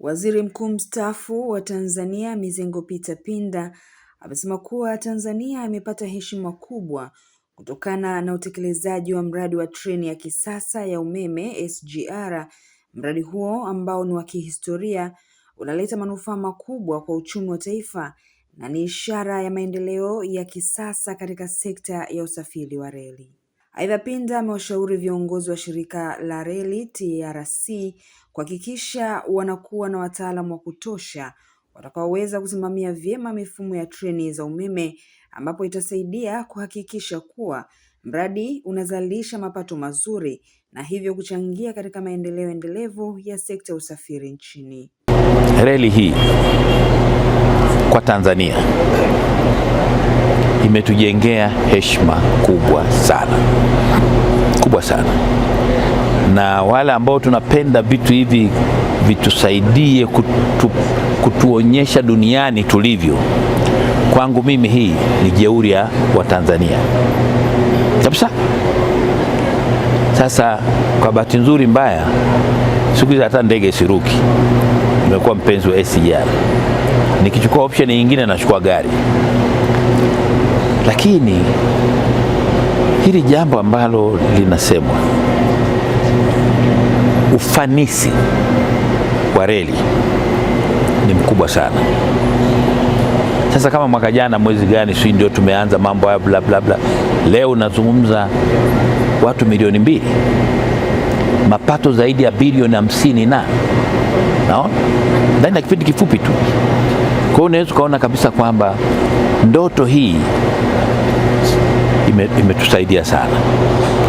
Waziri Mkuu mstaafu wa Tanzania Mizengo Peter Pinda amesema kuwa Tanzania imepata heshima kubwa kutokana na utekelezaji wa mradi wa treni ya kisasa ya umeme SGR. Mradi huo ambao ni wa kihistoria unaleta manufaa makubwa kwa uchumi wa taifa na ni ishara ya maendeleo ya kisasa katika sekta ya usafiri wa reli. Aidha, Pinda amewashauri viongozi wa shirika la reli TRC kuhakikisha wanakuwa na wataalamu wa kutosha watakaoweza kusimamia vyema mifumo ya treni za umeme ambapo itasaidia kuhakikisha kuwa mradi unazalisha mapato mazuri na hivyo kuchangia katika maendeleo endelevu ya sekta ya usafiri nchini. Reli hii kwa Tanzania imetujengea heshima kubwa sana kubwa sana, na wale ambao tunapenda vitu hivi vitusaidie kutu, kutuonyesha duniani tulivyo. Kwangu mimi hii ni jeuri ya Watanzania kabisa. Sasa kwa bahati nzuri mbaya, siku hizi hata ndege siruki. Nimekuwa mpenzi wa SGR nikichukua option nyingine nachukua gari. Lakini hili jambo ambalo linasemwa ufanisi wa reli ni mkubwa sana. Sasa kama mwaka jana mwezi gani, si ndio tumeanza mambo hayo bla bla bla. Leo unazungumza watu milioni mbili, mapato zaidi ya bilioni hamsini na naona ndani ya kipindi kifupi tu. Kwa hiyo unaweza ukaona kabisa kwamba ndoto hii imetusaidia ime sana,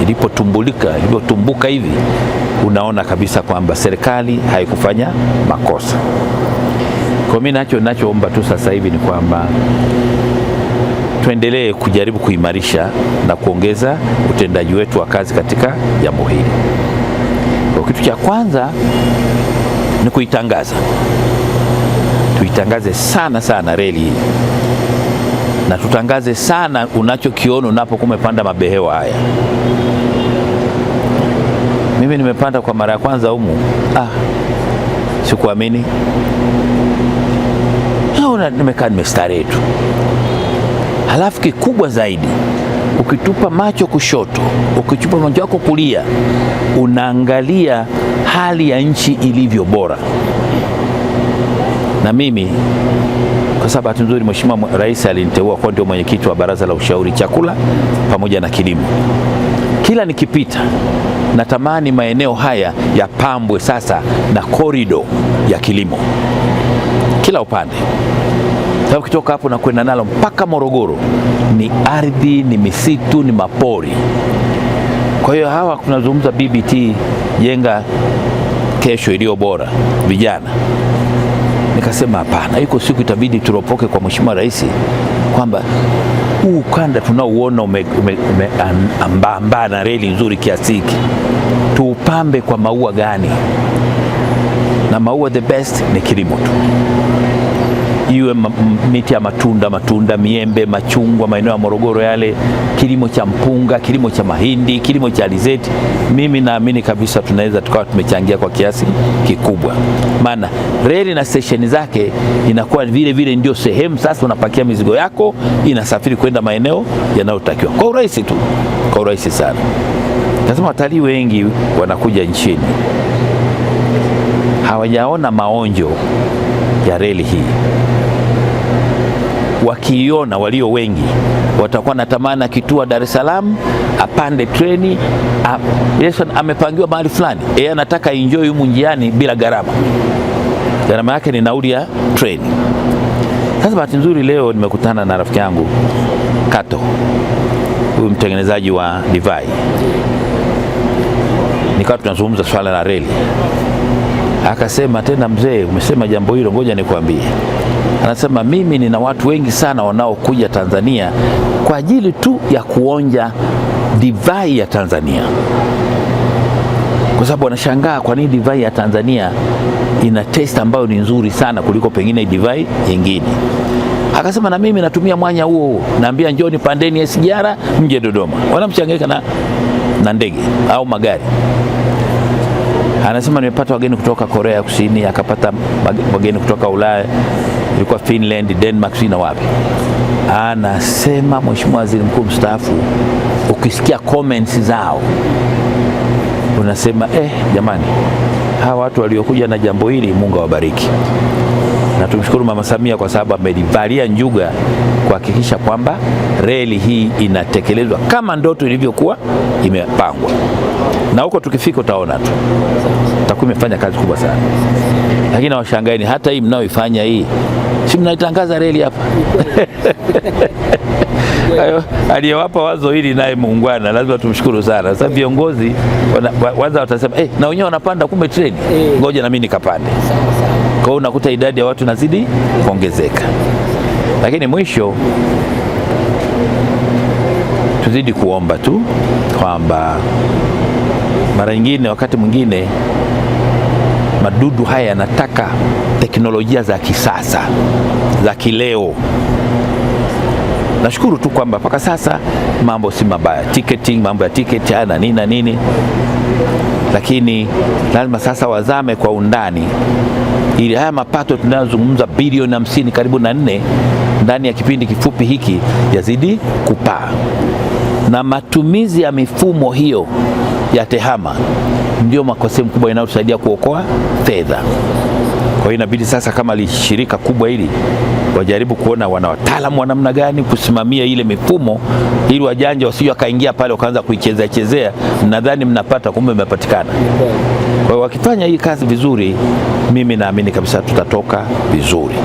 ilipotumbulika ilipotumbuka hivi, unaona kabisa kwamba serikali haikufanya makosa. Kwa mimi nacho nachoomba tu sasa hivi ni kwamba tuendelee kujaribu kuimarisha na kuongeza utendaji wetu wa kazi katika jambo hili. Kwa kitu cha kwanza ni kuitangaza tuitangaze sana sana reli hii na tutangaze sana unachokiona unapokuwa umepanda mabehewa haya. Mimi nimepanda kwa mara ya kwanza humu, ah, sikuamini. Naona nimekaa nimestarehe tu, halafu kikubwa zaidi ukitupa macho kushoto, ukitupa macho yako kulia, unaangalia hali ya nchi ilivyo bora na mimi kwa sababu bahati nzuri Mheshimiwa Rais aliniteua kuwa ndio mwenyekiti wa Baraza la Ushauri Chakula pamoja na Kilimo. Kila nikipita natamani maeneo haya yapambwe sasa na korido ya kilimo kila upande, sababu kitoka hapo na kwenda nalo mpaka Morogoro ni ardhi, ni misitu, ni mapori. Kwa hiyo hawa tunazungumza BBT, jenga kesho iliyo bora, vijana nikasema hapana, iko siku itabidi turopoke kwa mheshimiwa rais kwamba huu ukanda tunaouona umeambaa na reli nzuri kiasi hiki tuupambe kwa maua gani? Na maua the best ni kilimo tu iwe miti ya matunda, matunda, miembe, machungwa, maeneo ya Morogoro yale, kilimo cha mpunga, kilimo cha mahindi, kilimo cha alizeti. Mimi naamini kabisa tunaweza tukawa tumechangia kwa kiasi kikubwa, maana reli na stesheni zake inakuwa vile vile ndio sehemu sasa unapakia mizigo yako inasafiri kwenda maeneo yanayotakiwa kwa urahisi tu, kwa urahisi sana. Nasema watalii wengi wanakuja nchini hawajaona maonjo ya reli hii. Wakiiona walio wengi watakuwa na tamani akitua Dar es Salaam apande treni a, Yesu amepangiwa mahali fulani, yeye anataka enjoy humu njiani bila gharama. Gharama yake ni nauli ya treni. Sasa bahati nzuri leo nimekutana na rafiki yangu Kato, huyu mtengenezaji wa divai, nikawa tunazungumza swala la reli. Akasema tena, mzee, umesema jambo hilo, ngoja nikwambie. Anasema mimi nina watu wengi sana wanaokuja Tanzania kwa ajili tu ya kuonja divai ya Tanzania, kwa sababu wanashangaa kwa nini divai ya Tanzania ina taste ambayo ni nzuri sana kuliko pengine divai nyingine. Akasema na mimi natumia mwanya huo huo, naambia njoni, pandeni sijara, mje Dodoma, wanamchanganyika na na ndege au magari. Anasema nimepata wageni kutoka Korea ya Kusini, akapata wageni kutoka Ulaya, ilikuwa Finland, Denmark, si na wapi. Anasema Mheshimiwa Waziri Mkuu mstaafu, ukisikia comments zao unasema eh, jamani hawa watu waliokuja na jambo hili Mungu awabariki na tumshukuru Mama Samia kwa sababu amelivalia njuga kuhakikisha kwamba reli hii inatekelezwa kama ndoto ilivyokuwa imepangwa, na huko tukifika utaona tu takuwa imefanya kazi kubwa sana. Lakini nawashangaeni hata hii mnaoifanya hii, si mnaitangaza reli hapa aliyewapa wazo hili naye muungwana, lazima tumshukuru sana. Sasa viongozi kwanza watasema eh, na wenyewe wanapanda kumbe treni, eh. ngoja na mimi nikapande. Kwa hiyo unakuta idadi ya watu inazidi kuongezeka, lakini mwisho tuzidi kuomba tu kwamba mara nyingine, wakati mwingine madudu haya yanataka teknolojia za kisasa za kileo nashukuru tu kwamba mpaka sasa mambo si mabaya, ticketing, mambo ya tiketi haya na nini na nini, lakini lazima sasa wazame kwa undani ili haya mapato tunayozungumza bilioni hamsini karibu na nne ndani ya kipindi kifupi hiki yazidi kupaa, na matumizi ya mifumo hiyo ya tehama ndio makosa mkubwa inayotusaidia kuokoa fedha. Kwa hiyo inabidi sasa kama lishirika kubwa hili wajaribu kuona wana wataalamu wa namna gani kusimamia ile mifumo ili wajanja wasije wakaingia pale wakaanza kuichezea chezea, nadhani mnapata, kumbe mmepatikana. Kwa hiyo wakifanya hii kazi vizuri, mimi naamini kabisa tutatoka vizuri,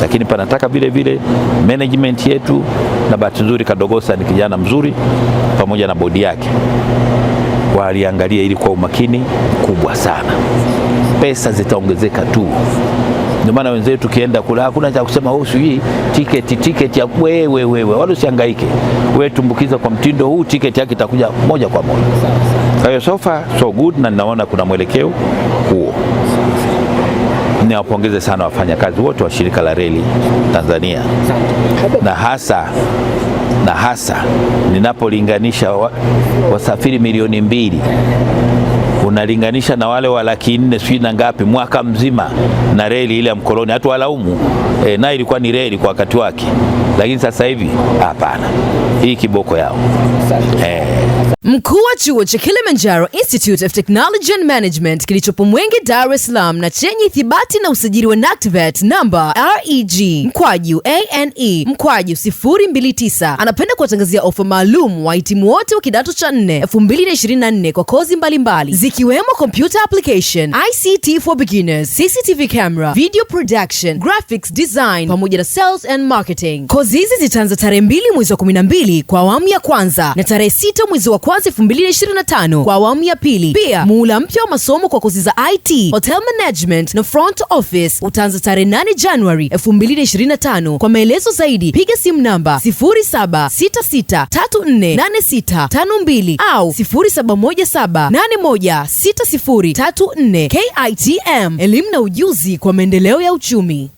lakini panataka vile vile management yetu, na bahati nzuri Kadogosa ni kijana mzuri pamoja na bodi yake, waliangalia ili kwa umakini mkubwa sana pesa zitaongezeka tu. Ndio maana wenzetu tukienda kula hakuna cha kusema wewe oh, sijui tiketi tiketi ya wewe wewe, wala usihangaike wewe, tumbukiza kwa mtindo huu, tiketi yake itakuja moja kwa moja. Kwa hiyo so far so good, na ninaona kuna mwelekeo huo. Niwapongeze sana wafanyakazi wote wa shirika la reli Tanzania, na hasa na hasa ninapolinganisha wasafiri milioni mbili unalinganisha na wale wa laki nne sijui na ngapi mwaka mzima na reli ile ya mkoloni, hatu walaumu e, na ilikuwa ni reli kwa wakati wake, lakini sasa hivi hapana, hii kiboko yao e. Mkuu wa chuo cha Kilimanjaro Institute of Technology and Management kilichopo Mwenge, Dar es Salaam na chenye ithibati na usajili wa NACTVET namba reg mkwaju ane mkwaju 029 anapenda kuwatangazia ofa maalum wahitimu wote wa kidato cha 4 2024 kwa kozi mbalimbali mbali ikiwemo computer application, ICT for beginners, CCTV camera, video production, graphics design pamoja na sales and marketing. Kozi hizi zitaanza tarehe mbili mwezi wa 12 kwa awamu ya kwanza na tarehe sita mwezi wa kwanza 2025 kwa awamu ya pili. Pia muula mpya wa masomo kwa kozi za IT, hotel management na front office utaanza tarehe 8 Januari 2025. Kwa maelezo zaidi piga simu namba 0766348652 au 071781 6034 KITM, elimu na ujuzi kwa maendeleo ya uchumi.